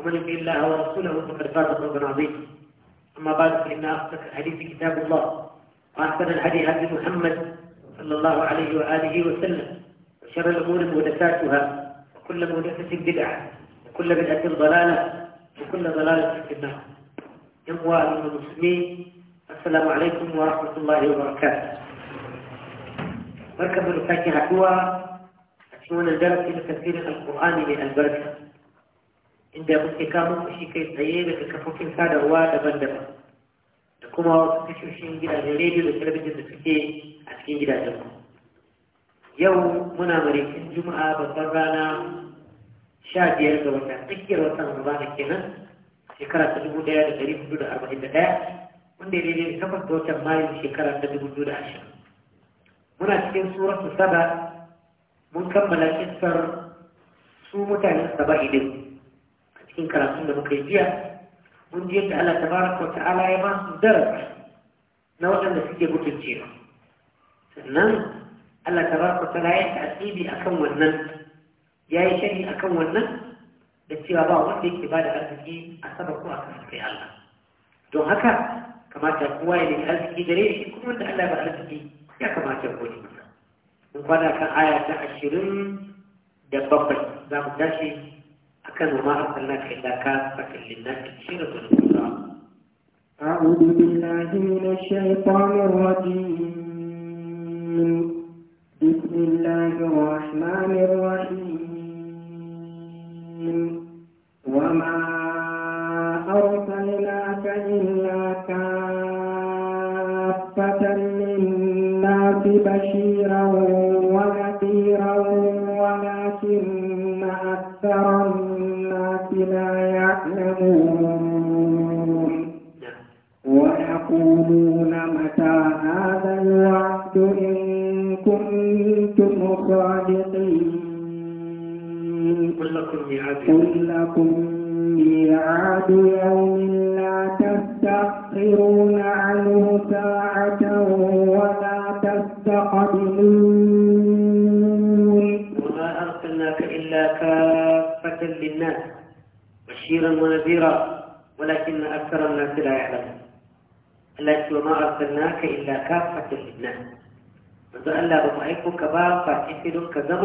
ومن يطع الله ورسوله فقد فاز فوزا عظيما أما بعد فإن أصدق الحديث كتاب الله وأحسن الحديث هدي محمد صلى الله عليه وآله وسلم وشر الأمور محدثاتها وكل محدثة بدعة وكل بدعة ضلالة وكل ضلالة في النار إخوة المسلمين السلام عليكم ورحمة الله وبركاته مركب الفاكهة هو أشمون الدرس تفسير القرآن من البركة inda muke ku shi kai tsaye daga kafofin sadarwa daban-daban da kuma wasu tashoshin gidajen rediyo da talabijin da suke a cikin gidajen mu yau muna marikin juma'a babban rana sha biyar ga wata tsakiyar watan ramadana kenan shekara ta dubu ɗaya da ɗari hudu da arba'in da ɗaya wanda ya daidai da takwas ga watan mayu shekara ta dubu biyu da ashirin muna cikin suratu saba mun kammala kisar su mutanen saba'i din cikin karatun da muka yi jiya mun ji yadda Allah tabaraka ta'ala ya ba su darasa na waɗanda suke mutuncewa sannan Allah tabaraka ta'ala ya tasiri akan wannan ya yi shari akan wannan da cewa ba wanda yake ba da arziki a sama ko a kan kai Allah don haka kamata kowa ya nemi arziki gare shi kuma wanda Allah ba arziki ya kamata ya gode mun kwana kan aya ta ashirin da bakwai za mu tashi كان ما أرسلناك إلا كافة للناس بشيرة ونذيرا أعوذ بالله من الشيطان الرجيم بسم الله الرحمن الرحيم وما أرسلناك إلا كافة للناس بشيرا ونذيرا ولكن أكثر الناس لا يعلمون ويقولون متى هذا الوعد إن كنتم صادقين قل لكم ميعاد يوم لا تستأخرون عنه ساعة ولا تستقدمون وما أرسلناك إلا كافة للناس بشيرا ونذيرا ولكن أكثر الناس لا يعلم التي وما أرسلناك إلا كافة للناس منذ أن لا رمائك كبار فاتحل كذب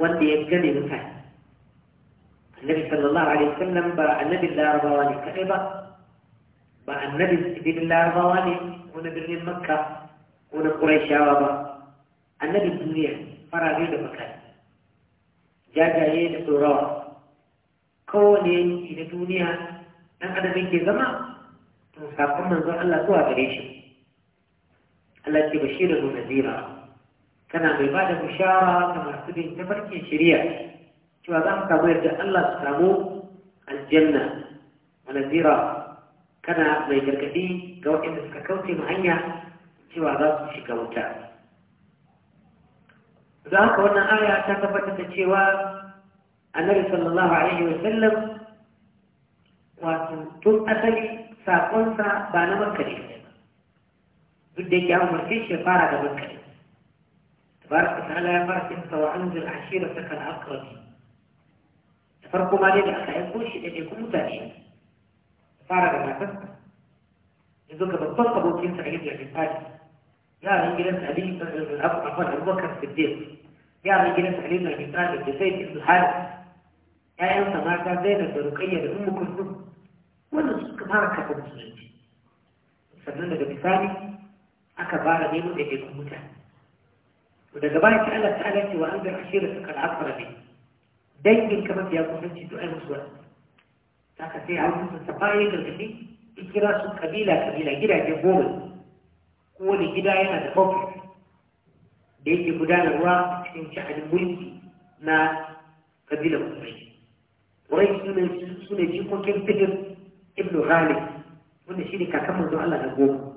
ودي يبجل نفاه النبي صلى الله عليه وسلم باع النبي الله رضواني كعبة باع النبي سبيل الله رضواني هنا برهن مكة هنا قريش يا رب النبي الدنيا فراغيل مكان جاء جاء يلي kowane yanki na duniya ɗan adam yake zama to sakon manzon Allah zuwa gare shi Allah ce bashirun wa nazira kana mai ba da bishara ga masu bin tafarkin shari'a cewa za mu samu yadda Allah su samu aljanna wa nazira kana mai gargaɗi ga waɗanda suka kauce mu hanya cewa za su shiga wuta za haka wannan aya ta tabbatar da cewa annabi sallallahu alaihi wa sallam wato tun asali sakonsa ba na makka ne duk da yake an umarce shi fara da makka ne tabaraka ta'ala ya fara cikin sawa anzil ashira sakal aqrabi da farko ma dai da aka aiko shi da dai kuma mutane fara da matarsa yanzu ga babban abokinsa a yadda ya fadi yaran gidansa ali bin abubakar siddiq yaran gidan ali bin abi talib da zaid bin harith ƴaƴansa mata zainab da ruqayya da ummu kulthum wannan suka fara kafa musulunci sannan daga misali aka fara nemo da ke mutane daga bayan ki Allah ta ce wa anzar ashira suka al'afara ne dangin ka mafiya kusanci to ai musu wasu ta ka sai hausa sun ta bayan gargaɗi ikira su kabila kabila gidajen goma kowane gida yana da ofis da yake gudanarwa cikin sha'anin mulki na kabilar musulmi Ƙurai sune sune jikokin Fihir ibn Ghalib wanda shi ne kakan manzo Allah na goma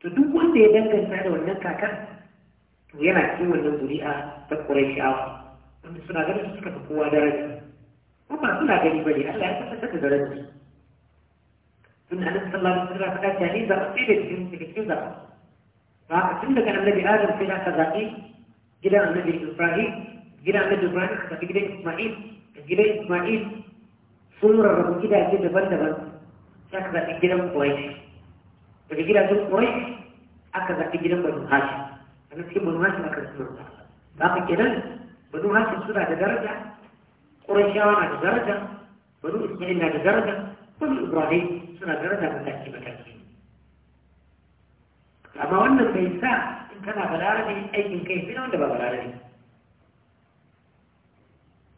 to duk wanda ya danganta da wannan kakan to yana cikin wannan zuri'a ta Qurayshawa wanda suna ganin su suka fi kowa daraja ko ba suna gani ba ne, Allah ya tabbatar da daraja tun annabi sallallahu alaihi wasallam ya faɗa ne za a tsire cikin cikin Ba haka tun daga annabi Adam sai aka zaɓi gidan annabi Ibrahim gidan annabi Ibrahim aka zaɓi gidan Isma'il gidan Ismail sun rarrabu gidaje daban-daban sai aka zaɓi gidan Quraish daga gidajen Quraish aka zaɓi gidan Banu Hashim sannan cikin Banu hashi aka zaɓi Banu Ba za ka kenan Banu hashi suna da daraja shawa na da daraja Banu Ismail na da daraja Banu Ibrahim suna da daraja mataki mataki amma wannan bai sa in kana balarabe aikin kai fi na wanda ba balarabe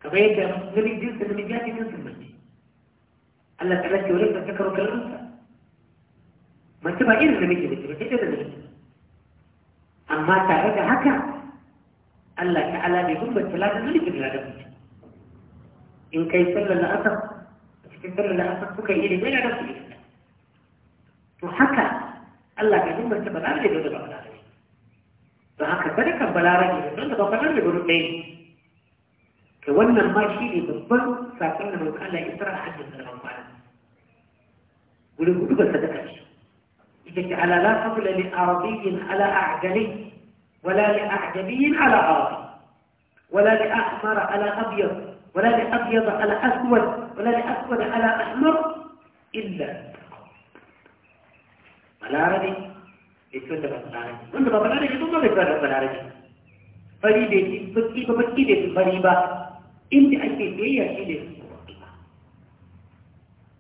kamar yadda namiji jinsin namiji ya fi jinsin mace Allah ta lafiya wani kan takarar mace ba irin namiji mace ba ita da namiji amma tare da haka Allah ta'ala bai gumbata ladan namiji da ladan mace in kai sallar la'asar cikin sallar la'asar kuka yi ilimi yana da su ilimi haka Allah bai gumbata ba ladan ba ba don ba da ɗaya to wannan ma shi ne babban sakon da manzo Allah ya tsara hajjin da Ramadan gurin gudu ba sadaka ce ita ce ala la fadla li arabiyyin ala a'jami wala li a'jamiyyin ala arabi wala li ahmar ala abyad wala li abyad ala aswad wala li aswad ala ahmar illa balarabi ita wanda ba balarabi wanda ba balarabi ita wanda ba balarabi fari bai ci baki ba baki bai ci fari ba inda ake biyayya shi ne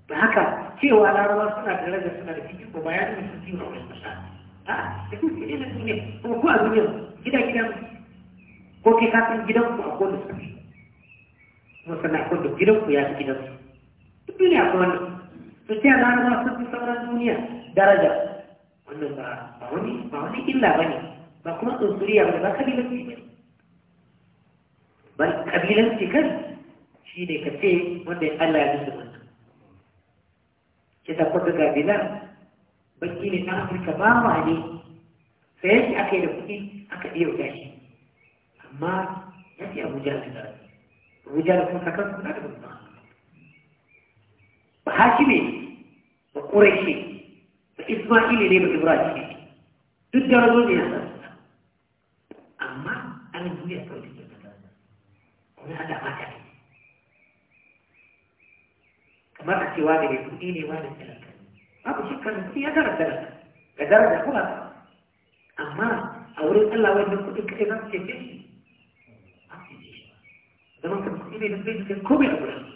da haka cewa larabar suna da raga suna da cikin ba ya zama su jiwa wani kasa a da kuma ne na duniya kuma ko a duniya gida gidan ko kai kafin gidan ku a kowane sami kuma sana ko da gidan ku ya fi gidan su duk duniya ko wannan su ce larabar sun fi sauran duniya daraja wannan ba wani illa ba ne ba kuma tsunturiya ba ba kabilanci ba bal kabilanci kan shi ne ka ce wanda ya Allah ya musu mutu ke ta kwata ga bila baki ne ta afirka ba ma ne sai shi aka yi da kuɗi aka iya wuta shi amma ya fi abuja da zara abuja da kuma sakar kuna da mutu ba haki ne ba kurai shi ba ismaili ne ba ibrahim duk da razo ne ya amma an duniya kawai kuna da mata kamar a cewa da mai kuɗi ne wani talaka ba shi kan mutum ya gara talaka ga daraja kuma amma a wurin Allah wannan kuɗin kai za su cece shi zaman ka kuɗi ne da zai jikin komai a wurin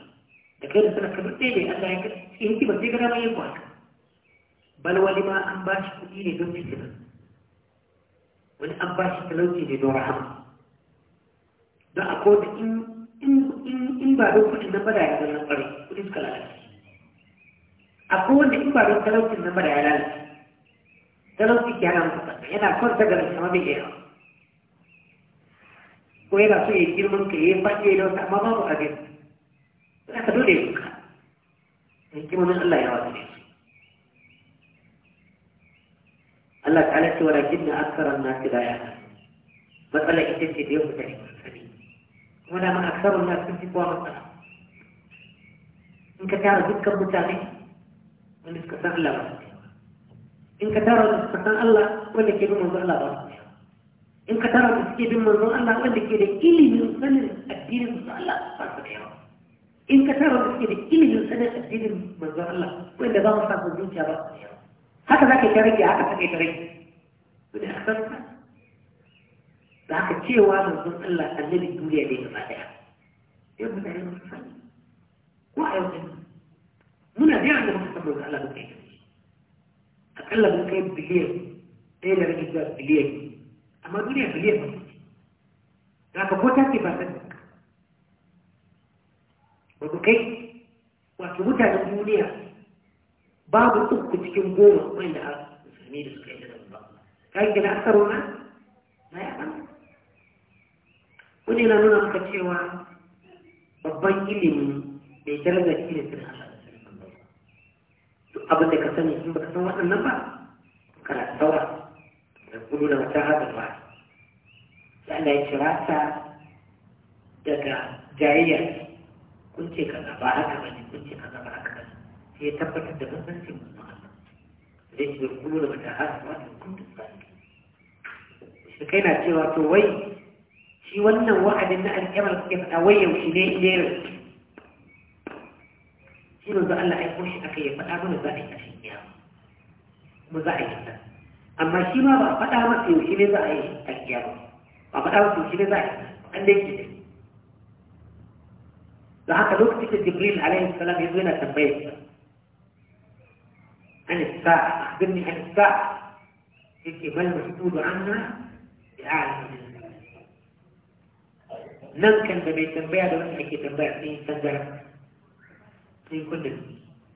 da kai da talaka duk ɗaya ne Allah ya kai in ki ba sai gara ma yin kwaka bal wani ma an ba shi kuɗi ne don jikin wani an ba shi talauci ne don rahama da akwai kowace in ba da kudin na bada ya zama kwarai kudin suka lalace akwai wanda in ba da talaucin na bada ya lalace talauci ke hana mutu sanda yana kwanta ga mai sama bai yawa ko yana so ya yi girman ka ya yi fashe da wata amma babu abin suna ka dole ya yi hikimomin Allah ya wasu ne Allah ta halatta wa rajin na askaran nasu da yana matsala ita ce da ya fita ne mo dama ak sabu na ci ci bonu tan ñu ka taara ci ko mutani ñu ko sax la ka taara ci ko tan Allah ko le ci bu mo Allah ba ñu ka taara ci ci bu mo Allah ko le ci de ili ñu sene ak diri bu Allah ba ko de ñu ka taara ci de ili ñu sene ak diri bu mo Allah ko le ba mo sax bu ci ba hakka ke tare ki hakka ke tare Za ka cewa manzon Allah annabi duniya ne gaba daya yau muna yi wani ko a yau ne muna da yawan da muka san manzon Allah muka yi akalla mun kai biliyan ɗaya da rage zuwa biliyan amma duniya biliyan ba da ka ko ta ce ba san ba ku kai wato mutanen duniya babu uku cikin goma wanda a musulmi da suka yi da ba kai kina asarona na ya ɓanta wani na nuna maka cewa babban ilimi mai daraja shi ne sun hasa su da ka sani in baka san waɗannan ba kana saura da kudu da wata haɗa ba Allah ya kira ta daga jayayyar kun ce ka ba haka ba ne kun ce ka ba haka ba sai ya tabbatar da bambancin mutum da ya ce kudu da wata haɗa ba da kudu da tsari shi kai na cewa to wai في وانا واحد ان انا كمان كيف اوي وشي دي دي شنو ده الله اي مش اخي ما اظن ده اي شيء يا مزعج اما شي ما بقى فتا ما في شي ده اي اكيا بقى ده في شي ده عندك لا حتى لو كنت جبريل عليه السلام يبغينا تبين عن الساعة أخبرني عن الساعة في كمال مسدود عنا بأعلى من الناس nan kan da mai tambaya da wanda ake tambaya sun yi tangara sun kunda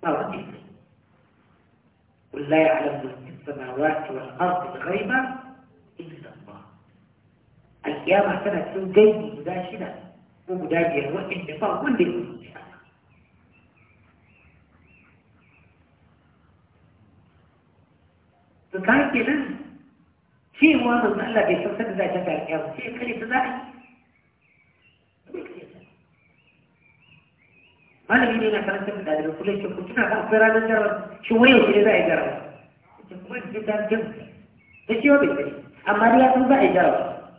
ba wanda ya sani قل لا يعلم من في السماوات والأرض الغيب إلا الله القيامة سنة تكون جيد مداشنة ومداجية والانتفاع كل يكون فكان كده شيء واضح ان الله بيشوف سكزة جفا القيامة شيء كلمة ذلك malami ne na karanta da ɗalibin kullum ce ku tuna kan akwai ranar jarraba shi waye shi ne za a yi jarraba ce kuma da ta jin da ciwo bai sani amma dai ya san za a yi jarraba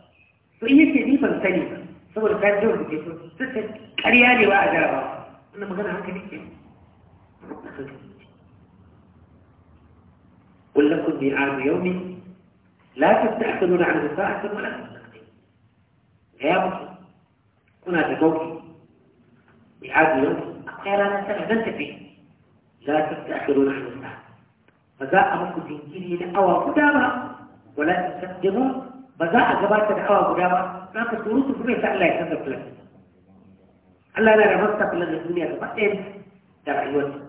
to iya ce ni ban sani ba saboda ta jin rubuce su su ce ƙarya ne ba a jarraba wannan magana hankali ke قل لكم ميعاد يوم لا تستأخرون عنه ساعة ولا تستقدمون يا بطل هنا تقول ميعاد يوم kai ranar tara zan tafi la tastakiru na hannun ba za a muku jinkiri da awa guda ba wala tasaddimu ba za a gabata da awa guda ba za ka surutu kuma ta Allah ya san da Allah yana da masta plan da duniya gaba ɗaya da rayuwarsa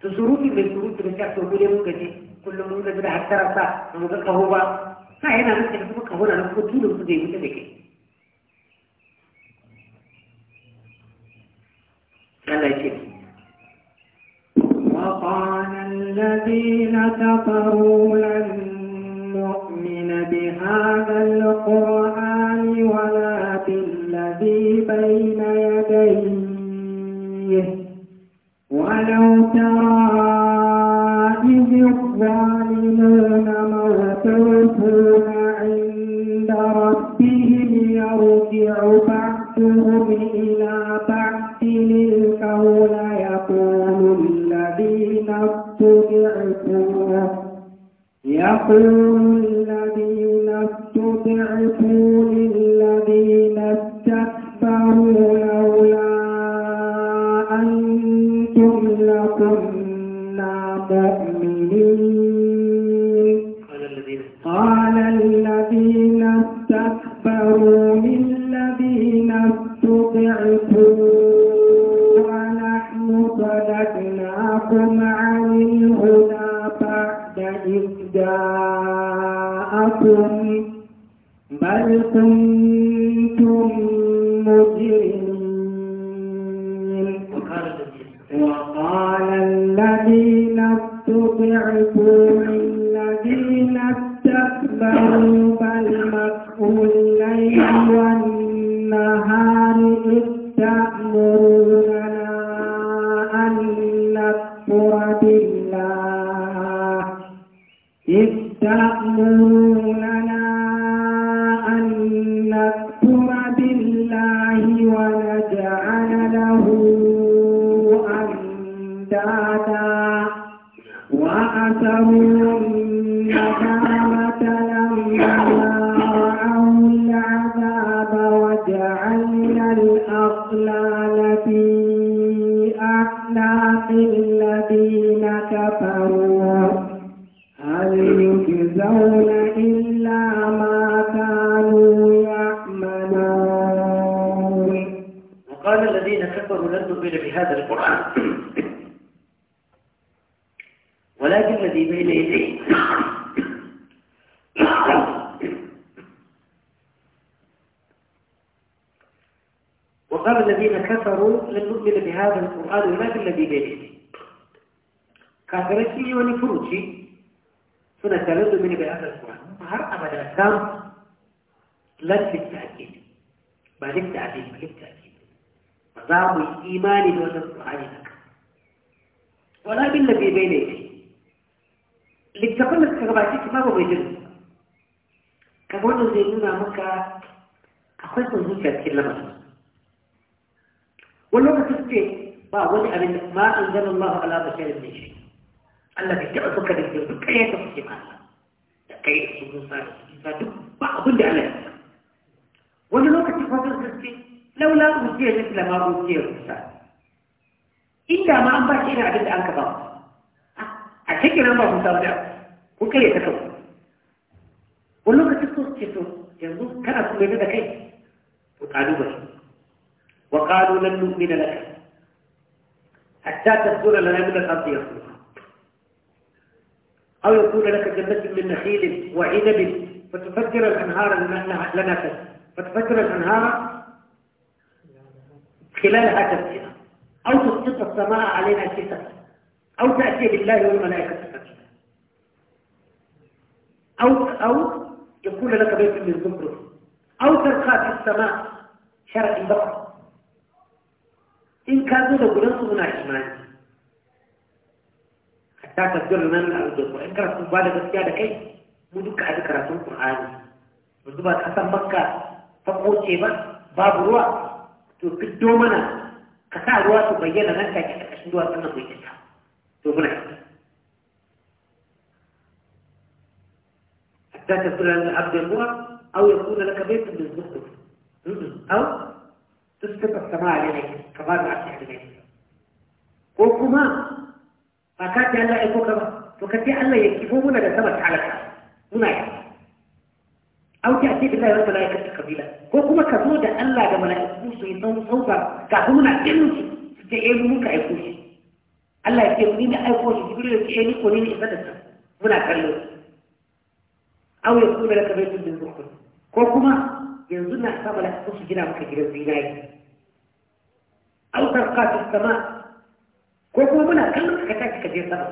to surutu mai surutu da ta so gure mun gaje kullum mun gaje da har tara sa mun ga kaho ba sai yana nufin kuma kaho na nufin tudu su zai wuce da kai إيه؟ وقال الذين كفروا لن نؤمن بهذا القرآن ولا بالذي بين يديه ولو ترى إذ الظالمون موتوهم يقول الذين استضعفوا للذين استكبروا لولا أنتم لكنا مؤمنين كنتم مجرمين وقال الذين استضعفوا الذين استكبروا بل مكروا الليل والنهار إذ تأمروننا أن نكفر بالله wani lokaci fatar gaske laula ujiya da tilama ujiya musa inda ma an ba shi da abinda an kaba a cikin ran ba musa wani abu ko kai ya kasa wani lokaci so ce to yanzu kana so da kai to kalubale wa kalu qalu lan da laka hatta ta lana min da ardi yasura أو يكون لك جنة من نخيل وعنب فتفجر الأنهار لنا فتفجر الأنهار خلالها تفجيرا أو تسقط السماء علينا كسفا أو تأتي بالله والملائكة فجرا أو أو يكون لك بيت من زمرد أو ترقى في السماء شرع البقر إن كانوا لقلنص من إيمان ta tafiyar nan na alƙur'ani in karatu ba da gaskiya da kai mu duka a karatun ƙur'ani yanzu ba kasan makka ta koce ba babu ruwa to fiddo mana ka sa ruwa su bayyana nan take a ƙarshen ruwa sannan mai kita to muna hatta tafiyar nan na abdul ruwa aw yakuna laka baytun min zukhruf aw tusqita as-samaa alayka kama ba'athna ilayka ko kuma ba ka ce Allah ya ka ba to ka ce Allah ya kifo muna da sama talaka muna yi auki a ce yawan wal malaikatu kabila ko kuma ka zo da Allah da mala'iku su yi sauka ka fi muna ɗin su su ce eh mun ka aiko shi Allah ya ce ni ne aiko shi jibril ya ce eh ni ko ni ne isa da sa muna kallo aw ya kuma da kabe din rukun ko kuma yanzu na sa mala'iku su gina maka gidan zinari Aukar tarqatu sama ko kuma muna kallon ka tashi ka je sama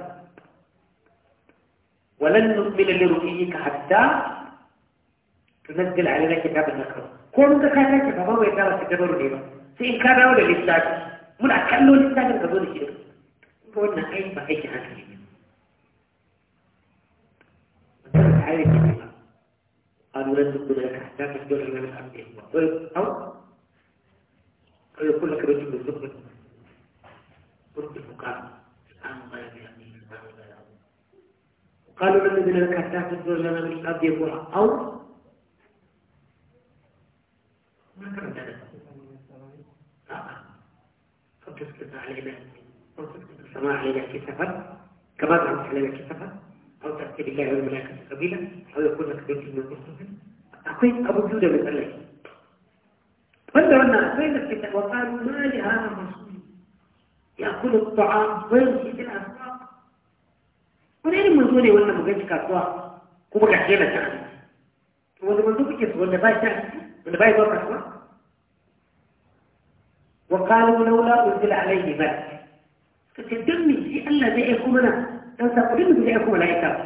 ولن نؤمن لرؤيك حتى تنزل علينا كتابا نقرأه ko mun ka kai ka ba wai dawo ka dabar ne ba sai in ka dawo da lissafi muna kallo lissafin ka zo da shi ko wannan ai ba aiki haka ne قالوا لن تقبل لك حتى تفجر لنا من الأرض أو أو يقول لك رجل بالزبط رب المكافأة الآن غير يمين قالوا لنا الذين كافات الزوج لنا من الأرض يقول أو ما كان ذلك فتسكت علينا أو تسكت السماء علينا كما تعمل علينا في أو تأتي بالله والملائكة القبيلة أو يكون لك بيت من الرسل أقيم أبو جودة من الله فلو أن أتينا الكتاب وقالوا ما لهذا الرسول يأكل الطعام ويمشي في الأسواق ولين من دوني ولا مجاش كاتوا كم كحيلة تعني ولا من دوني كيس ولا باي تعني ولا باي دور كاتوا وقالوا لولا أنزل عليه ملك فتدمي في إيه ألا بيأكمنا تنسى قلنا بيأكم ملائكة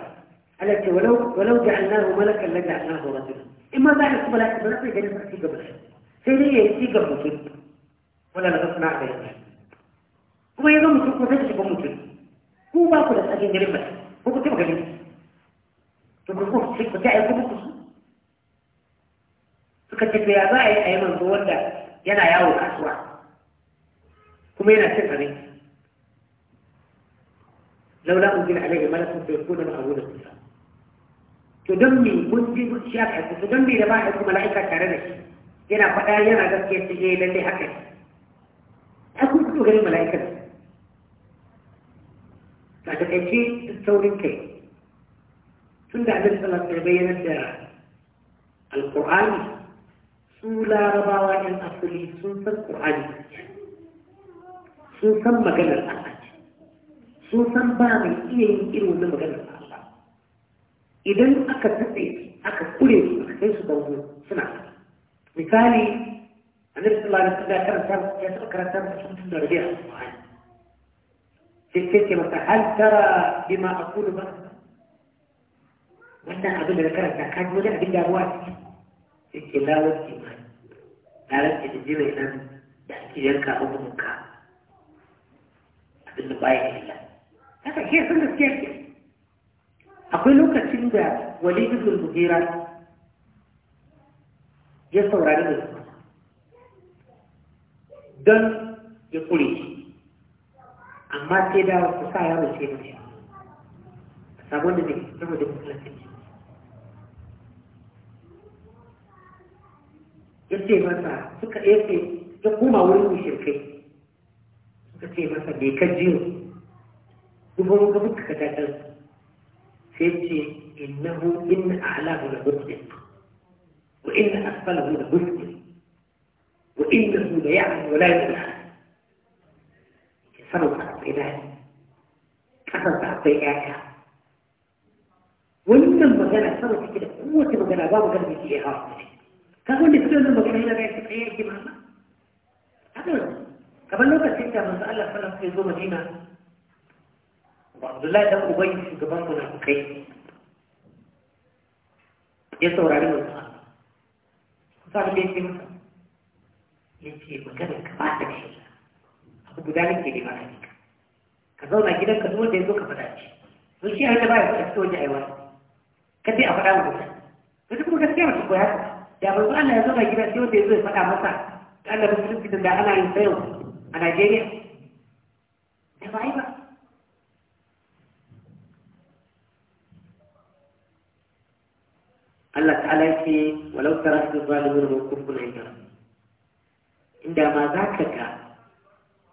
التي ولو ولو جعلناه ملكا لجعلناه رجلا إما ذلك ملائكة ملائكة جنبها في قبل سيدي يأتي قبل ولا نقصنا عليه ملك kuma ya mutum ko zai shiga mutum ku ba ku da tsakin garin mace ko ku taɓa garin to ku kuma ku ta aiko muku su suka ce to ya za a yi a yi manzo wanda yana yawo kasuwa kuma yana cin abinci laula gina alaihi malakun fa yakuna ma'ahu da kusa to don me mun ji shi aka aiko to don me da ba a aiko mala'ika tare da shi yana faɗa yana gaskiya ta ke eh, lalle haka ne a kun fito ganin mala'ikar a takaice duk saurin kai tun da annabi sallallahu alaihi bayyanar da alqur'ani su larabawa ɗan asali sun san qur'ani sun san maganar Allah sun san ba mai iya yin irin wannan maganar Allah idan aka tsaye aka kure su aka kai su bango suna misali annabi sallallahu alaihi wasallam ya karanta ya karanta da da rabi'a sai masa hal tara bima aqulu ba wannan abin da karanta ka ji wajen abin da ruwa ce sai la wasi ma na rantsa da jirai nan da ake yanka abubuwan ka abin da baya illa haka shi sun gaskiya ke akwai lokacin da wali ibn mugira ya saurari da don ya kure amma sai da ku sa yaro sai mace sabon da ne saboda sai ya ce masa suka yake ya koma wurin shirkai suka ce masa bai ka jiyo kuma mun ga muka ka sai ce innahu inna a'lahu la muslim wa inna asfalahu la muslim wa innahu la ya'lamu wa la ya'lamu sarauta akwai daɗi ƙasarsa akwai ƴaƴa wannan magana sama take da magana ba magana da ke iya hawa ka wanda suke wannan magana yana da yake tsaye yake mama haka kamar lokacin da manzo Allah sallallahu ya dan Ubay shugaban munafikai ya saurari manzo Allah kusa da yake masa yace magana ka ba ta abu guda nake da magana ka zauna gidan ka zuwa da ya zo ka faɗa shi don shi ba baya kuka fito wajen aiwa ka je a faɗa wa mutane to duk kuma siya mace koya ya da manzo Allah ya zauna gidan sai wanda ya zo ya faɗa masa da Allah musulunci da da ana yin sayo a Najeriya da ba yi ba Allah ta'ala ya ce walau tara su zalimin mawkufun inda inda ma za ka ga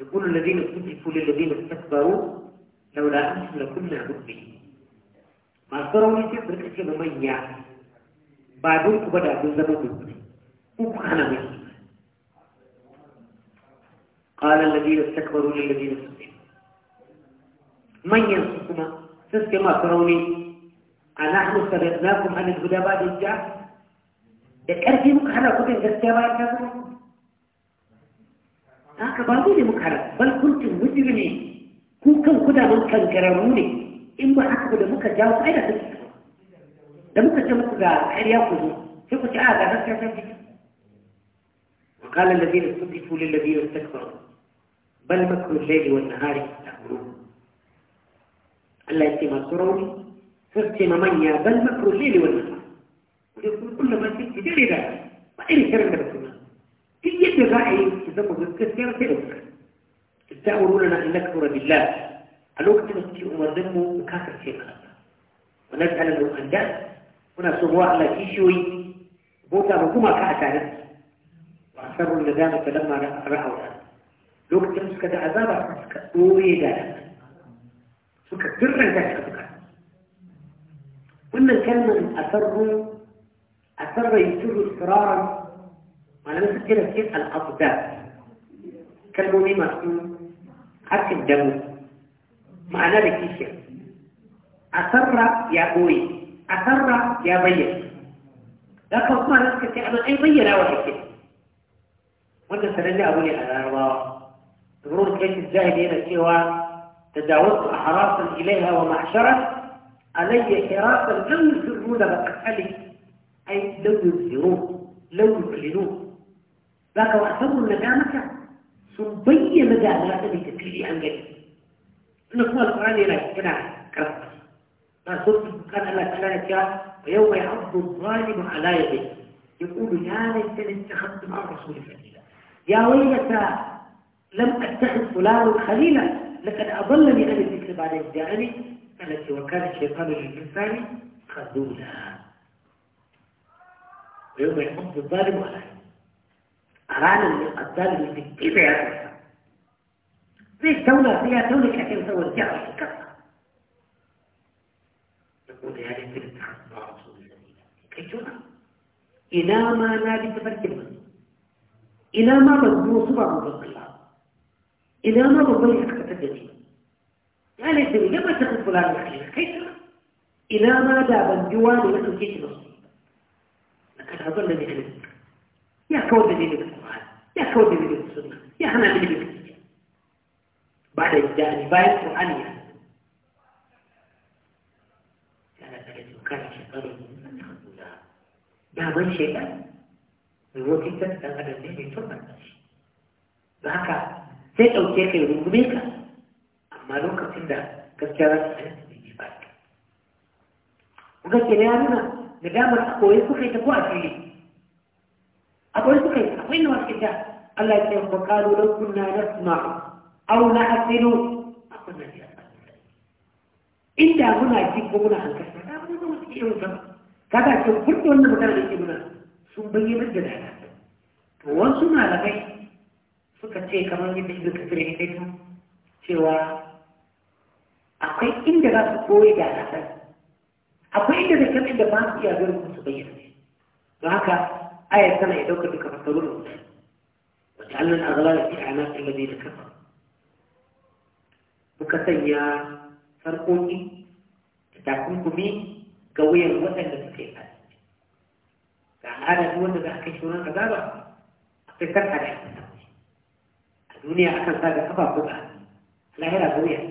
يقول الذين استجفوا للذين استكبروا لولا أنتم لكنا مؤمنين ما صاروا يسير بركة ممية بعدون كبدا أبو زمن مؤمنين مؤمنين قال الذين استكبروا للذين استكبروا من ينصفكما تسكما تروني أنحن سبقناكم عن الهدى بعد الجعب da ƙarfi muka hana ku da gaskiya bayan ta zama haka ba ne muka rar bal kurkin mujiri ne ku kan kuda mun kankararru ne in ba haka da muka ja ku da suke da muka ce muku ga ƙarya ku zo sai ku ci a ah, ga gaskiya san fi wakalar lalbiyar sun fi tulin lalbiyar ta kamar bal makon lalbi wani hari da kuro Allah ya ce masu rauni sun ma manya bal makon lalbi wani hari kuɗin kuɗin da ma su fi dare ba irin shirin da su الشيء الرأي تسمى بالكثير تلك الدعوة لنا أن نكفر بالله الوقت نستطيع مرضمه مكافر شيء ونسأل الأنداء ونسوه على كيشوي بوتا بكما كأتانا وأسروا الندامة لما رأوا الوقت نسكت عذابا نسكت قوي ذلك suka ذلك shi suka wannan kalmar asarru asarra yusuru اصرارا وانا بس كده كده الاصداء كلمه دي مسموم حرف الدم معناه بكيشة أسرع يا بوي أسرع يا لا تصنع نفسك في تعمل أي لا واحد كده وانت سنجي أبو يا أنا الله تقولون كيف الزاهد هنا سوى تجاوزت أحراسا إليها ومعشرة علي حراسا لو يسرون بقتلي أي لو يبزرون لو يفلنون ذاك وأثروا ندامك sun bayyana damuwa ta da tafili an gani inda kuma alƙur'ani yana yana karfa na so su kan Allah ta lana cewa wa yau mai abu zalimu ala ya bai ya kudu ya laita ne ta hasu ma rasu da fadila ya wailata lam attahi fulanu khalila laqad adallani an dhikri ba'da ja'ani kana ce wa kana shaytanu lil insani khadula wa yau mai abu zalimu ala ya العالم يقدر لي بكده يا كفر ليش دولة فيها دولة كثير دولة فيها كفر يقول يا ريت تتحدث مع رسول الله كيف إلى ما نادي تفرجنا إلى ما بدو صبر رب الله إلى ما بدو يكتفدني ما ليس من ما تقول فلان الخير كيف إلى ما داب الجوال لكم جيت نصيب لكن هذا الذي يا كون الذي نبت ya kawo da bilin ya hana da ba da jani bayan qur'ani ya da ban shekaru lokacin da ɗan adam ne mai turbanta shi da haka sai ɗauke ka yi rungume ka amma lokacin da gaskiya za ta halatta da ba ta. kuka ke ya nuna da damar a koyi kuka yi ta ko a fili a koyi kuka yi akwai nawa suke ta Allah ya ce fa qalu law kunna nasma'u aw na'qilu inda muna ji ko muna hankali kada mun ce furta wannan magana da ke muna sun bayyana da dana to wasu malamai suka ce kamar yadda shi da kafire kai ta cewa akwai inda za su koyi da alaƙar akwai inda da kamar da ba su iya zuwa su bayyana don haka ayar tana ya ɗauka duka fasarurin لأن الأغلال في أعناق الذين كفروا مكسيا فرقوني كمي قوية الوطن لتكي أسج فعن يعني هذا هو أن ذاك شونا كذابا أقتصر على حسن الدنيا أكثر سابقا فقط لا هي قوية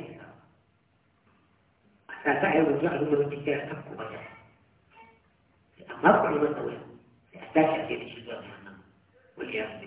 حتى تعي ورجع لما بدي كده تحكوا بس أما أقول لهم أولا أحتاج أكيد شيء والعياذ بالله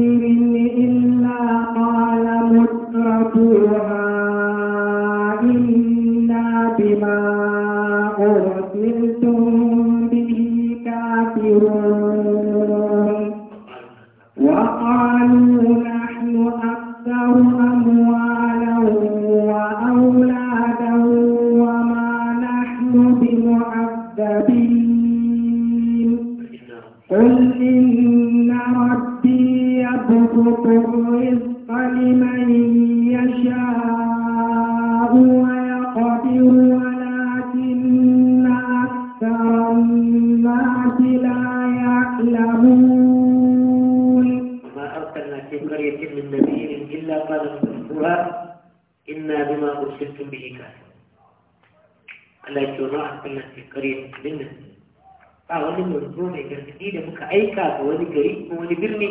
aika ga wani gari ko wani birni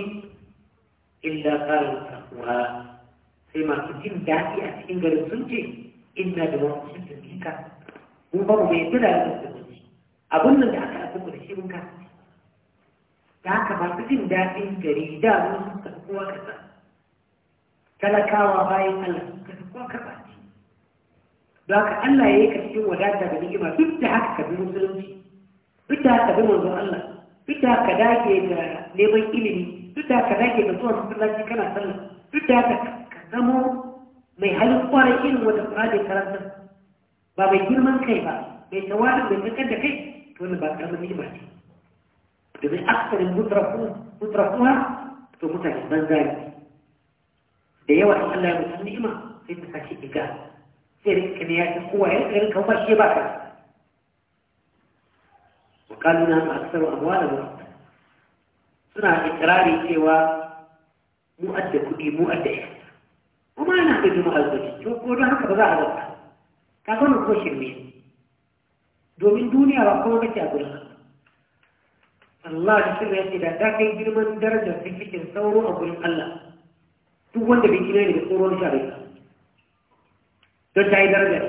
illa qalu taqwa sai masu jin daɗi a cikin garin sun ce inna da wani shi tafiya mun ba mu mai tura da musulunci Abun nan da aka aiko da shi mun da haka masu jin daɗin gari da mun sun tafi kowa kasa talakawa bayan Allah sun tafi kowa kasa da haka Allah ya yi ka wadata da ni'ima duk da haka ka bi musulunci duk da haka bi manzon Allah duk ka dage da neman ilimi duk ka dage da zuwa masallaci kana sallah duk ka zamo mai halin kwarin irin wata kurajin karanta ba mai girman kai ba mai tawarin mai tsakar da kai to wani ba karamin ni'ima ce domin aksarin mutrafuwa to mutane ban ne da yawa in Allah ya mutum ni'ima sai ta sashi iga sai rikini ya ce kowa ya rinka ba shi ba ka وقالوا نحن أكثر أموالا وقتا suna ikirari cewa mu adda kuɗi mu adda ya kuma yana da juma'ar zuci to ko don haka ba za a zata ka gano ko shirme domin duniya ba kuma kake a gurin Allah da shirme ya ce da ta kai girman darajar fikikin sauro a gurin Allah duk wanda bai gina ne da tsoro na shari'a don ta yi darajar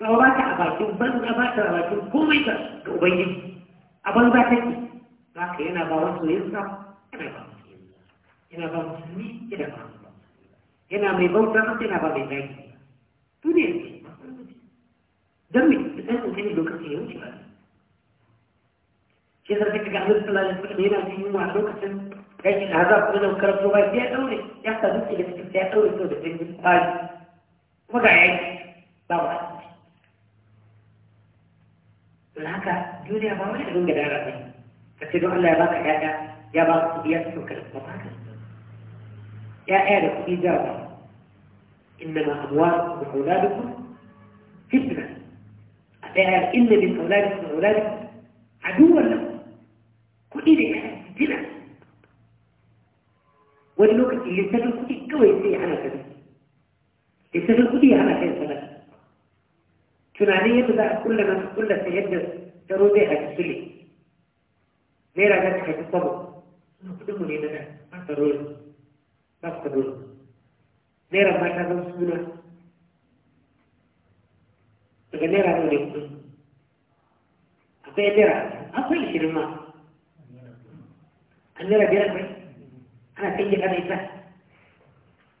to ba ta a bakin banza ba ta a bakin komai ga Ubangiji a banza take za ka yana ba yin soyayya yana ba musulmi yana ba ni yana ba yana mai bauta yana ba mai zaki duniya ce don me da ɗan ƙoƙari lokacin yau wuce ba shi zarta ka gano su lalata kuma yana cikin a lokacin rashin azab ko da karanto ba ya ɗaure ya sa duk da cikin ya ɗaure sau da ɗan tsari kuma ga yaki ba ba don haka duniya ba wani abin da dara ba ka ce don Allah ya baka ƴaƴa ya ba ka kuɗi ya fito ka ba haka ƴaƴa da kuɗi za ba إنما أموالكم وأولادكم فتنة أتاها إن من أولادكم وأولادكم عدوا لكم kuɗi da ya jina wani lokaci lissafin kuɗi kawai sai ya hana kadi lissafin kuɗi ya hana kai sadaka tunanin yadda za a kulla masu kulla ta yadda tsaro zai haji sule naira za ta haji kwabo suna kudin mu ne na nan ba tsaro ba tsaro naira ma ta zan suna daga naira ne ne kudin akwai naira akwai ishirin ma a naira biyar ne ana canje ana ita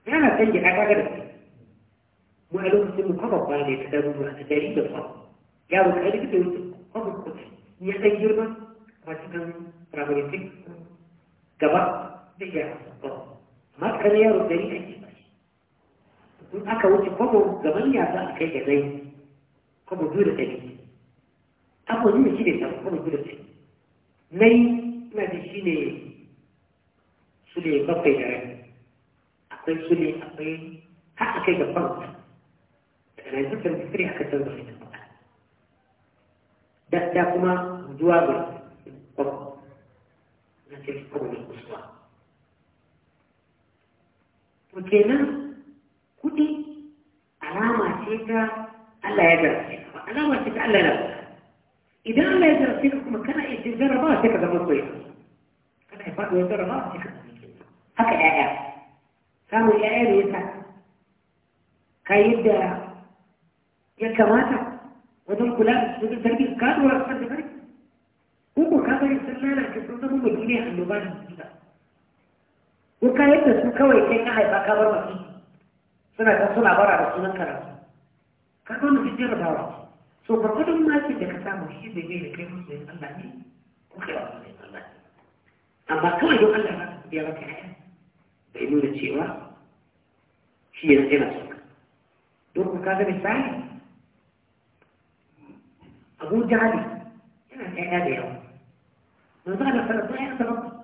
ana canje a kaga da mu a lokacin mu kwababba ne ta ɗaruruwa ta ɗari da ba? kwababba yaro ka ɗari da wasu ne ya ɗan girma masu kan ramuritik gaba zai iya kwababba amma ƙarar yaro ɗari ake ba shi in aka wuce kwabo gaban ya za a kai da zai kwabo biyu da ɗari abu ne shi ne ta kwabo biyu da ɗari na yi ina da shi ne su ne bakwai da rai akwai su ne akwai har a kai ga kwabo yanzu tamfiri haka canza shi da da kuma zuwa na ce kuɗi alama ce Allah ya alama ce Allah ya idan Allah ya kuma kana iya jin jarraba ka zama koyi kana iya faɗuwa haka 'ya'ya kama 'ya'ya ne yasa ka yi da ya kamata wajen kula da cikin tarbiyya ka dora kan da kai ko ka bari sun lalace sun zama mai duniya noma da musiba ko ka yadda su kawai kai ka haifa ka bar wasu suna ta suna bara da sunan karatu ka kawo mutum jarabawa so kudin maki da ka samu shi zai bai da kai musu yin Allah ne ko kai ba musu yin Allah ne amma kawai don Allah ba su biya maka yaya bai nuna cewa shi yanzu yana son ka don ku kaga misali abu jahali yana ƴaƴa da yawa manzo da sallallahu alaihi wasallam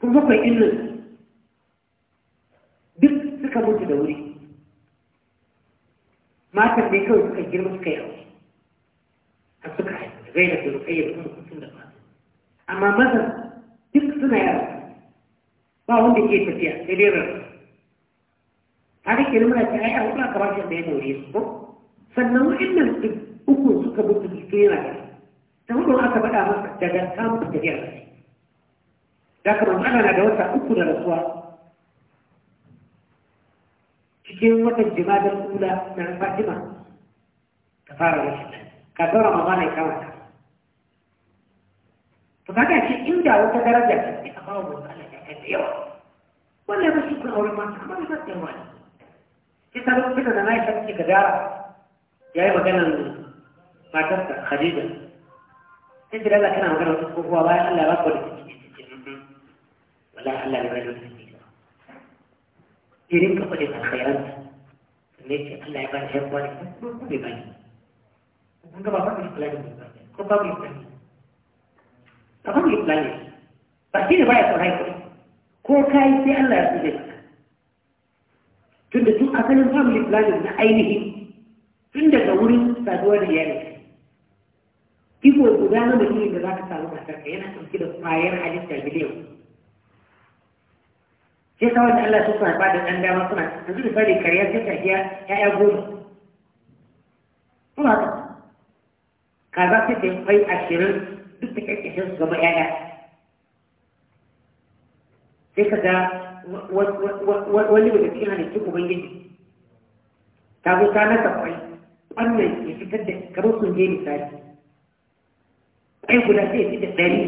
kun ga kai illin duk suka mutu da wuri matan ne kawai suka girma suka yawa har suka haifu zai da su tsaye da kuma kusur da ba amma mazan duk suna yawa ba wanda ke tafiya sai dai rarrafa haka ke nuna ta ai a wuka kamar yadda ya daure su ko sannan wa'annan duk uku suka mutu su yana gani ta hudu aka faɗa masa daga samun tafiyar gari da aka manzo ana da wata uku da rasuwa cikin watan jimadar kula na fatima ta fara Ka kafin ramadana ya kama ta to kaga shi inda wata daraja ce sai a bawa manzo Allah ya kai yawa wannan ba shi kun aure mata amma ba ta yawa ne Ki ta lokacin da na yi sarki ka gara ya yi maganar matarsa Khadija sai da Allah kana magana wasu kokowa bayan Allah ya baka da ciki wala Allah ya bada ciki irin kafa da alkhairan ne ke Allah ya bada yawa ne ko bai bani kun ga ba ka da plan ne ko ba ka plan ba ka da plan ne ba shi ne baya son haihuwa ko kai sai Allah ya tsige ka tunda duk asalin family planning na ainihi tun daga wurin saduwa da iyali ido guda na mutumin da za ka samu matarka yana ɗauke da kwayar halitta miliyan sai ta wata Allah su suna bada da ɗan dama suna yanzu da fari kariya sai ta biya ƴaƴa goma kuma haka kaza sai ta yi kwai ashirin duk da ƙarƙashin su gaba ƴaƴa sai ka ga wani daga cikin halittun ubangiji ta zo ta nasa kwai wannan ya fitar da kamar sun je misali kai guda zai fi da ɗari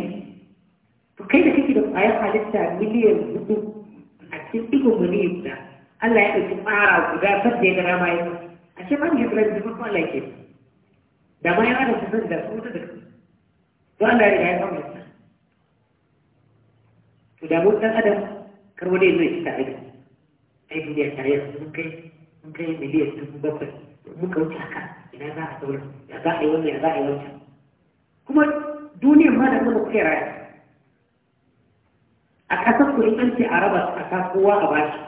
to kai da kake da ƙwayar halitta miliyan hudu a cikin ɗigon miliyan guda Allah ya ɗauki ƙara guda fadda ya gara ma bayan a ce ne hibran da farko Allah ke da bayan ana su san da su wuta da to Allah ya riga ya kama da to da mu ɗan adam karwa dai zai ci tare ai duniya tare mun kai mun kai miliyan dubu bakwai muka wuce haka ina za a sauran ya za a yi wani, ya za a yi wancan kuma duniyar ma da kuma kuke raya a ƙasar ku in an a raba ƙasa kowa a bashi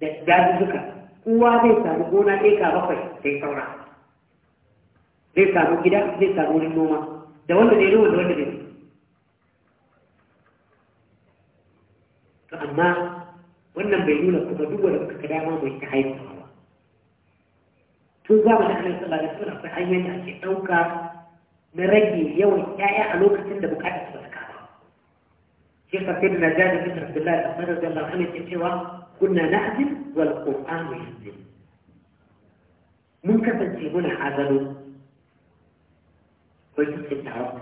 da dazuzzuka kowa zai samu gona ɗaya bakwai sai saura zai samu gida zai samu wurin noma da wanda zai noma da wanda zai to amma wannan bai nuna kuma duk wanda kuka dama mai ta haifawa tun zamanin annabi sallallahu alaihi wasallam akwai hanyar da ake ɗauka na rage yawan ƴaƴa a lokacin da bukatar su ta ba shi ka fi na gani bin Abdullahi da Ahmad da Allah kana ke cewa kunna na'zil wal Qur'an yanzil mun kasance muna azalo ko shi ta hawa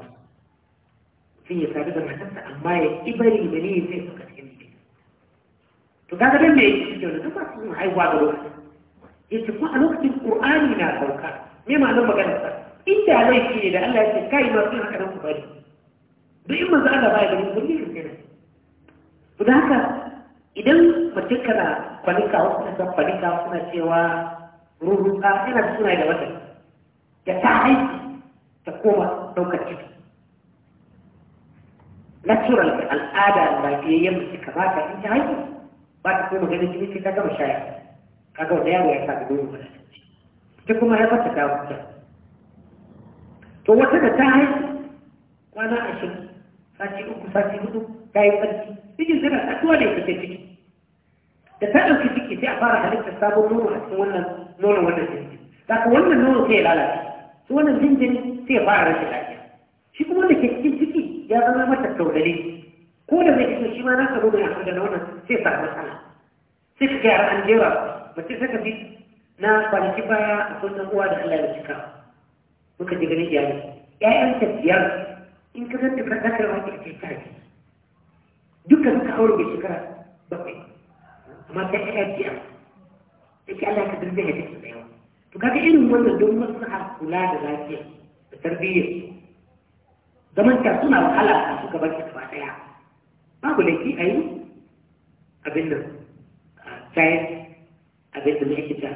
sun yi sadu da matarsa amma ya ibari da ne sai suka cikin jiki to kaga dan me yake cikin da ba su haihuwa da lokaci yace ko a lokacin Qur'ani na sauka me ma'anar maganar sa inda laifi ne da Allah ya ce kai ma suna karan ku bari duk in manzo Allah baya mu gurin ne ne to da haka idan mutum kana kwalika wasu na san kwalika suna cewa rurruka yana da suna da wata da ta aiki ta koma daukar ciki natural al'ada da lafiyayyen mutum kamata in ta haihu ba ta koma ganin jini sai ka gama shayar ga wani yaro ya sa da dole wadatar ta kuma ya ba ta wuce to wata da ta haihu kwana shi sati uku sati hudu ta yi tsarki cikin tana tsakuwa da ita ciki da ta ɗauki ciki sai a fara halittar sabon nono a cikin wannan nono wannan jinjin ka wannan nono sai ya lalace su wannan jinjin sai ya fara rashin lafiya shi kuma da ke cikin ciki ya zama mata taudale ko da zai cikin shi ma na saboda ya yakan da wannan sai sa samu matsala sai ka gyara an jera mace ta bi na kwanaki baya a kullum uwa da Allah ya cika Muka ji gani ya ƴaƴan biyar. in ka zanta ka zakar ma ta ta yi. duka suka aure bai shekara bakwai amma ta yi ƴaƴa biyar ta ke Allah ka dinga ya take da yawa to kaga irin wannan don maslaha kula da lafiya da tarbiyyar zaman ta suna wahala a suka bar ta gaba ba babu laifi a yi abin nan kayan abin da mai kita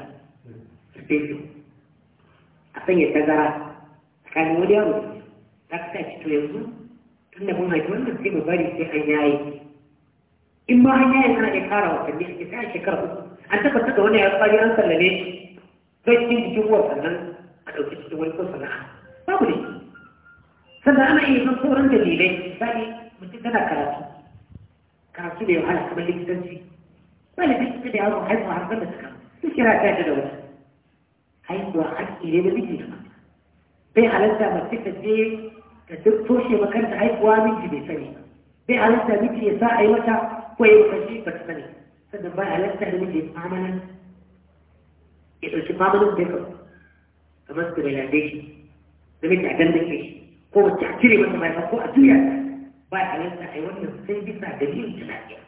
a sanya tazara kan wani yaro ta ka sa to yanzu tun da mun haifi wannan sai mu bari sai an yayi in ma an yayi kana iya kara watanni a cikin shekara uku an taba da wani ya tsari an sallame shi zai cikin jikin ruwa sannan a ɗauki cikin wani ko sana'a babu ne sannan ana iya zan sauran dalilai misali mutum tana karatu karatu da wahala kamar likitanci Ba malamin ita da yawon haihuwa har da suka su kira ta da wata haihuwa haƙƙi ne da miji da bai halatta mace ta je ta duk toshe makanta haihuwa miji bai sani bai halatta miji ya sa a yi mata ko ya kashi ba ta sani sannan bai halatta da miji famanan ya ɗauki famanan da ya kamar su bai shi da miji a gandun kai shi ko mace a cire mata mai ko a juya ta ba a halatta a yi wannan sai bisa da biyu dalilin tunaniya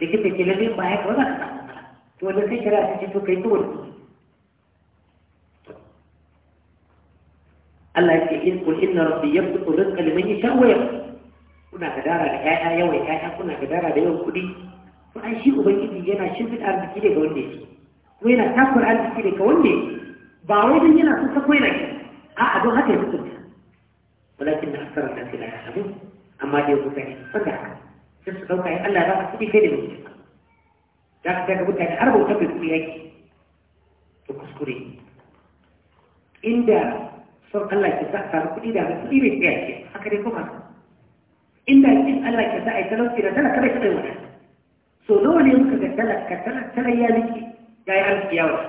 likita ke lalle ba ya kawo ba ka samu to wanda sai kira ta ce to kai to wani Allah ya ce in kun inna rabbi yabtu rizqa liman yasha wa kuna gadara da ƴaƴa yawan ƴaƴa kuna gadara da yawan kuɗi to ai shi ubangiji yana shimfiɗa arziki daga wanda yake ko yana takura arziki daga wanda yake ba wai don yana son sako yana ki a'a don haka ya mutunta walakin da asarar da fila ya samu amma dai mutane sun da haka sai su ɗauka ya Allah ya ba kuɗi kai da mutum za ka daga mutane har bauta bai kuɗi yake to kuskure inda sau Allah ke sa ka kuɗi da kuɗi mai tsaye ke haka dai kuma inda yake Allah ke sa a yi talauci da talaka bai tsaye wata so nawa ne muka ga talaka talaka ya liki ya yi arziki yawa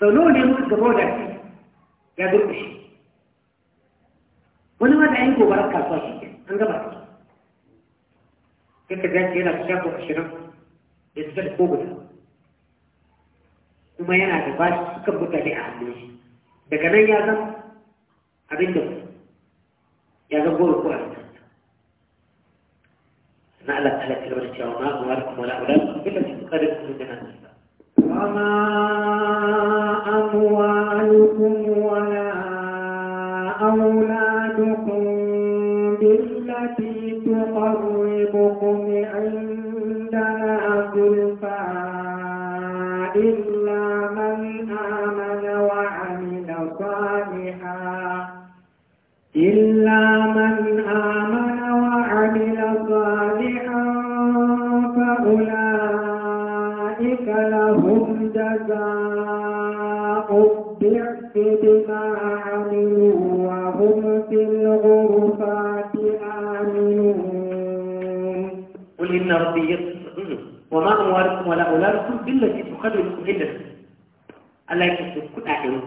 so nawa ne muka ga da shi ya shi? wani ma da yan gobarar kasuwa shi an gaba su Yadda gaji yana da shafo ashirin da su da ko guda kuma yana da bashi sukan mutane a hannun shi daga nan ya zan abin da ya zan goro ko abin da na Allah ta lafi da cewa ma kuma da kuma la'ula illa su kada su da nan وما أموالكم ولا أولادكم بالتي تقربكم جزاء الضعف بما عملوا وهم في الغرفات آمنون قل إن ربي يصف وما أموالكم ولا أولادكم بالتي تخلوا لكم إلا الله يكسب كل أحيان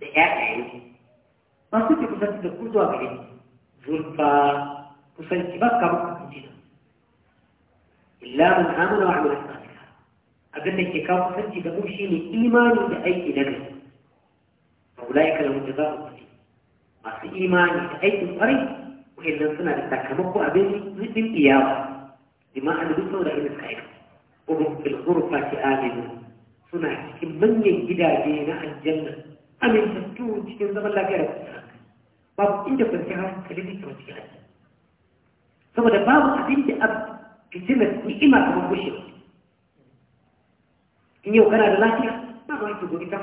دقائق أحيان ما صدق كنت تقول كل أحيان زلفة كنت تبقى كبقى كنتينا إلا من آمن وعمل abin da ke kawo kusanci da mu shine imani da aiki na gari ulaika lahum jazaa'u muqim masu imani da aikin kwarai wa'annan suna da sakamako abin zubin iyawa bima an bi saboda irin suka aika ubun fil ghurfati aminu suna cikin manyan gidaje na aljanna amintattu cikin zaman lafiya da kusa babu inda kwanciyar hankali ne kamar cikin aljanna saboda babu abin da fitina ni'ima kamar gushewa in yau kana da lafiya ba ba ki gobe kan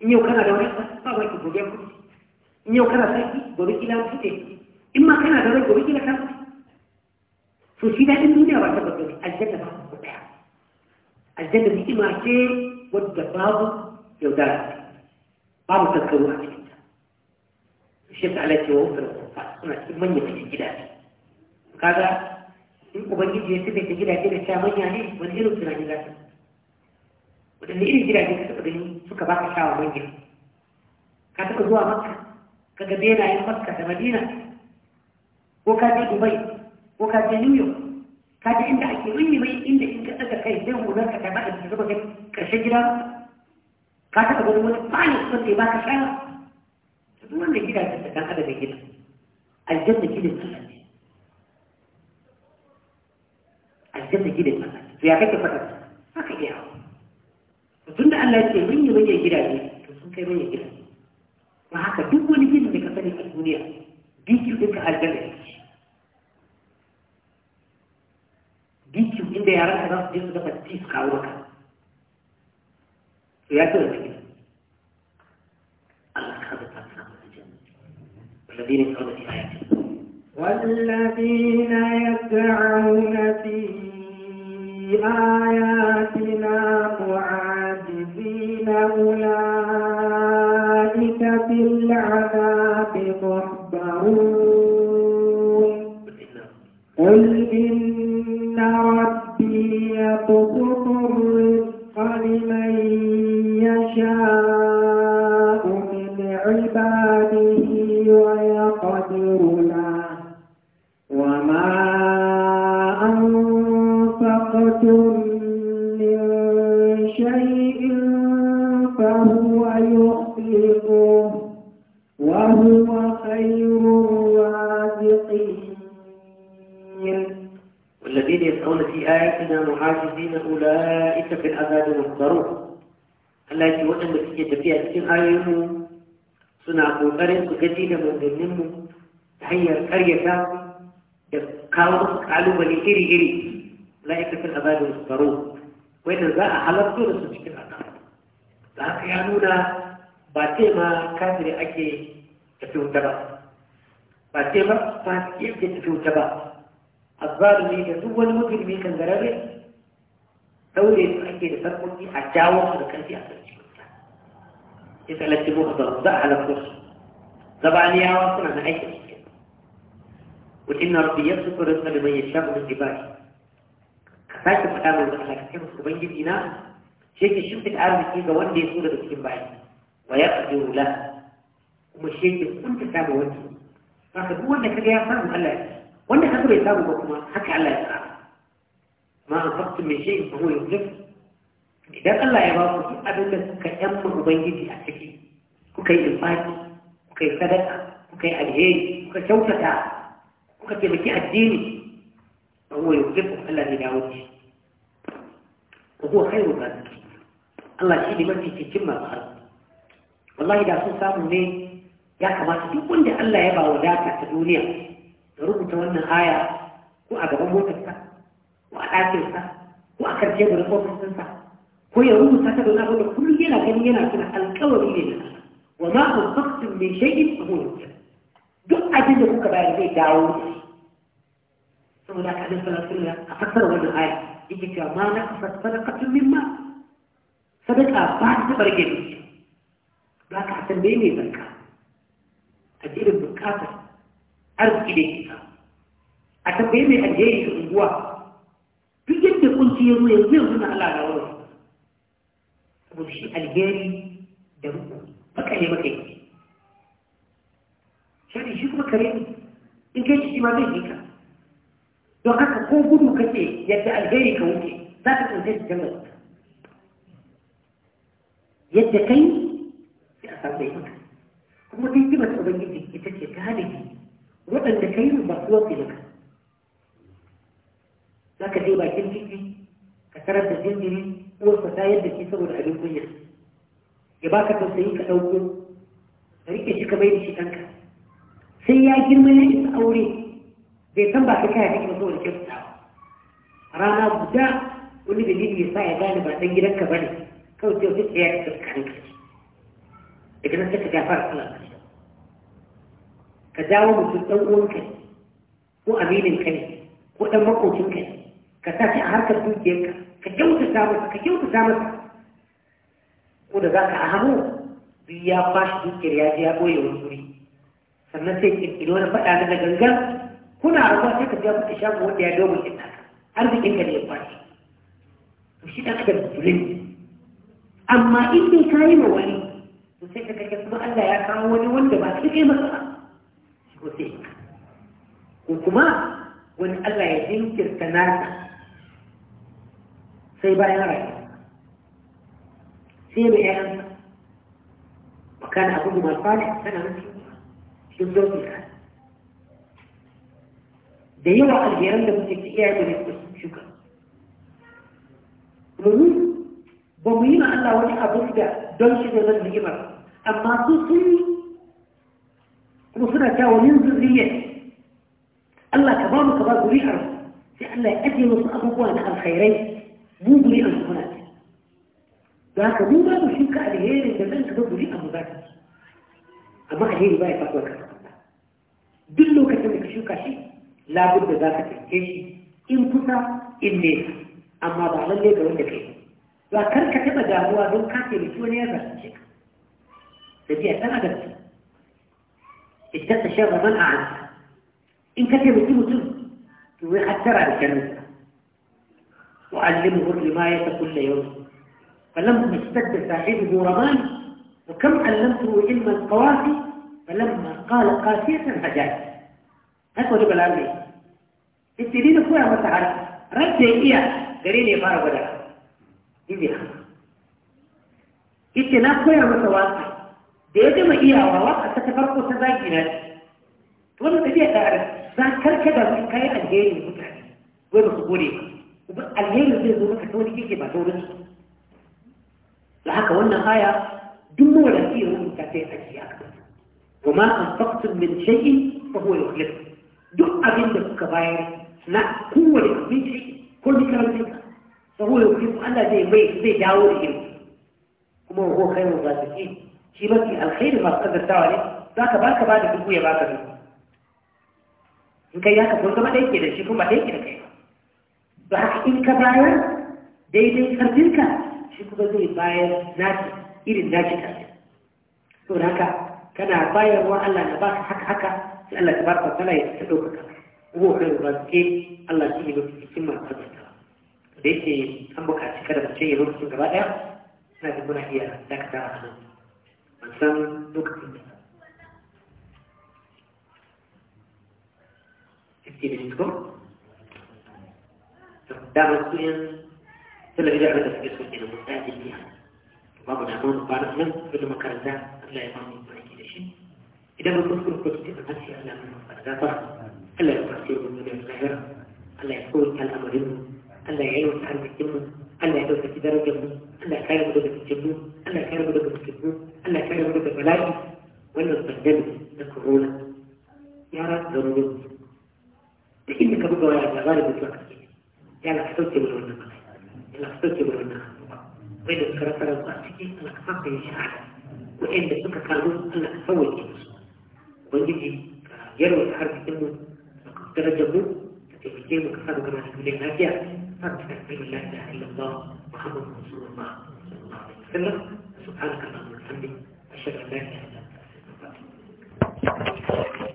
in yau kana da wani ba ba ki gobe ku in yau kana sarki gobe kila ku ce in ma kana da rai gobe kila kan so shi daɗin duniya ba ta gobe aljanna ba ku daya aljanna ni'ima ce wadda babu yaudara babu tattaro a cikinta shi ta alaƙi wa wutar kofa suna cikin manyan cikin gidaje kaga in ubangiji ya tafi ta gidaje da sha manya ne wani irin tunani za ta waɗanne irin gidaje ka taɓa gani suka ba ka shawarwarin gida ka taɓa zuwa makka ka ga benayen makka da madina ko ka je dubai ko ka je new york ka ji inda ake rinni mai inda in ka ɗaga kai zai hular ka ta ba'a da zuba kai ƙarshen gida ka taɓa gani wani bani son da ya baka shawara duk wannan gidajen da ɗan adam ya gina aljanna gidan Allah ne aljanna gidan Allah to ya kake faɗa haka iya hawa tunda Allah ce mun yi manyan gidaje to sun kai manyan gidaje ba haka duk wani gini da ka sani a duniya bikin ɗinka aljanna ya ce bikin inda yaran ka za su je su dafa tis kawo maka to ya ce wani Allah ka zata samu aljanna والذين يسعون في آياته والذين يسعون في آياتنا معاذ أولئك في العذاب محضرون ƙoƙarin su gaji da manzanninmu ta hanyar karyata da kawo musu ƙalubale iri-iri la'aikatar azabin su faro Wadda za a halarto da su cikin a da haka ya nuna ba ce ma kafiri ake tafi wuta ba ba ce ma fasiki ake tafi wuta ba azzalumi da duk wani mutum kan kangararre daure su ake da sarkoki a jawo su da kanti a sarki wuta ya tsallaci mu a za a halarta su gabaniyawa suna da aiki cikin na wajen inna rabbi yabsutu rizqa liman yasha'u min ibadihi ka sake faɗa mai Allah ka ce musu ubangiji na shi ke shimfid arziki ga wanda ya so daga cikin bayi wa ya ƙadiru la kuma shi ke kunta samu wani saka duk wanda kaga ya samu Allah ya wanda kaga bai samu ba kuma haka Allah ya tsara ma an faktu mai shi ko ya zuf idan Allah ya ba ku duk abin da suka yamma ubangiji a ciki kuka yi infaki kai sadaka kai alheri kai kyautata kuka taimaki addini fa huwa yuhibbu Allah ne dawo shi wa huwa khairu raziki Allah shi ne mafi cikin ma arziki wallahi da sun samu ne ya kamata duk wanda Allah ya ba wadata ta duniya da rubuta wannan aya ko a gaban motarsa ko a ɗakinsa ko a kan teburin sa ko ya rubuta ta da zaɓar da kullum yana gani yana tuna alƙawari ne da wa ma anfaqtum min shay'in fahuwa yunfa duk abin da kuka bayar zai dawo saboda ka nan sallallahu a fassara wannan aya yake cewa ma na fassara tun mimma sadaka ba ta barge ne ba ka san me mai barka a jirin bukata arziki da kika a tambaye mai alheri da unguwa duk yadda kunci ya zo yanzu yanzu na Allah da wani saboda shi alheri da rukuni haka ne maka yi shari shi kuma kare ne in kai shi ma zai yi ka don haka ko gudu kake yadda alheri ka wuce za ka tsince shi can yadda kai sai a samu yi maka kuma kai kimar ubangiji ita ce galibi waɗanda ka yi ba kuwa fi maka za ka je bakin titi ka tarar da jinjiri uwarsa ta da shi saboda abin kunya ya baka tausayi ka ɗauko ka rike shi ka mai da shi ɗanka sai ya girma ya isa aure bai san ba ka kaya kake ba saboda kyautatawa rana guda wani dalili ya sa ya gane ba ɗan gidanka ba ne kawai sai wata tsaya ka tsakanin ka ce daga nan sai ka gafara fara ka ka dawo mutum ɗan uwanka ne ko aminin ka ne ko ɗan makocin ka ne ka sa shi a harkar dukiyarka ka kyautata masa ka kyautata masa ko da za ka ahamu ya ba shi dukiyar ya ji ya ɓoye wani wuri sannan sai kirkiri wani faɗa na gangan kuna rufa sai ka biya kuɗi shago wanda ya dogon ɗin naka arzikin ka ne ya kwashi to shi ɗan adam zulun amma in dai ka yi ma wani to sai ka kake kuma Allah ya kawo wani wanda ba su kai masa ba ko sai ko kuma wani Allah ya jinkirta nasa? sai bayan rayuwa سيري أنا وكان أبوه من الصالح سنة مثل في الزوج الآن ده يوعى الجيران ده مثل تقيعد ويستخدم شكرا ومن بمهمة أن الله وليها بفدع دلش ده من الجمر أما تصل وصنا كاو من ذرية الله كبار كبار قريحة في الله أدي نصابه وأنا الخيرين مو بريئة الخلاتي za ka mu ba mu shuka alheri da nan gaba guri abu za amma alheri ba ya faɗo ka duk lokacin da ka shuka shi labur da za ka tsinke shi in kusa in nesa amma ba lalle ga wanda kai ba kar ka taɓa damuwa don ka taimaki wani ya zalunce ka tafiya tana da su idan ta shan zaman a hannu in ka taimaki mutum to wai hattara da shanunsa wa'allimu hurri ma ya ta kulle yau فلما اشتد صاحبه رماني وكم علمته علم القوافي فلما قال قاسية هجاك هكو جب العلمي ابتدين ما تعرف رد إياه دليل إمارة بدا إياه ابتنا كوية متواقع ديدم إياه وواقع تتفرق سباكينات وانا تبيع تعرف ذاكر كده من كاية الهيل المتعال وين خبوري الهيل زي زورك توني كيكي ما تورنسو da haka wannan aya duk mawadaci ya rubuta ta yi ajiya wa ma an faktun min shayi fa huwa yukhlif duk abin da kuka bayar na kowane abinci ko ni karantin ka fa yau yukhlif Allah zai mai zai dawo da shi kuma wa ba su zaki shi ba mafi alkhairi masu kaddatawa ne zaka ka ba ka ba da dubu ya ba ka dubu in kai haka kun zama ɗaya ke da shi kuma ɗaya ke da kai ba haka in ka bayar daidai karfinka shi kuma zai bayar nasi irin nashi tashi so da haka kana bayar wa Allah na baka haka haka sai Allah ta baka tana ya ta ɗaukaka ko kan raske Allah shi ne mafi cikin masu da yake an kada mace ya na da muna iya dakata a nan ban san lokacin da كل إذا عبد في جسم الجنة مستعد بها بعض الأمام بعرف من كل مكان ذا لا يمام بعيد إلى شيء إذا ما كنت كنت كنت أمسي على من مكان ذا طبعا ألا يفكر من دون الغير ألا يقول الأمر منه ألا يعيون تعرف الجنة ألا يدوس في درجة ألا كان مدد في الجنة ألا كان مدد في الجنة ألا كان مدد في الملائكة ولا استخدمت الكورونا يا رب ضروري لكنك بقى غالب مطلقا يعني حصلت من المنطقة لقصتي وانا وين ذكرت لو قصتي انا قصتي يا شعر وين بسك قانون انا اسوي كده ويجي يروي الحرب انه لقد ترجموا تتمكين وكفاته كما تقول النافية فاستغفر الله لا اله الا الله محمد رسول الله صلى الله عليه وسلم سبحانك اللهم وبحمدك اشهد ان لا اله الا انت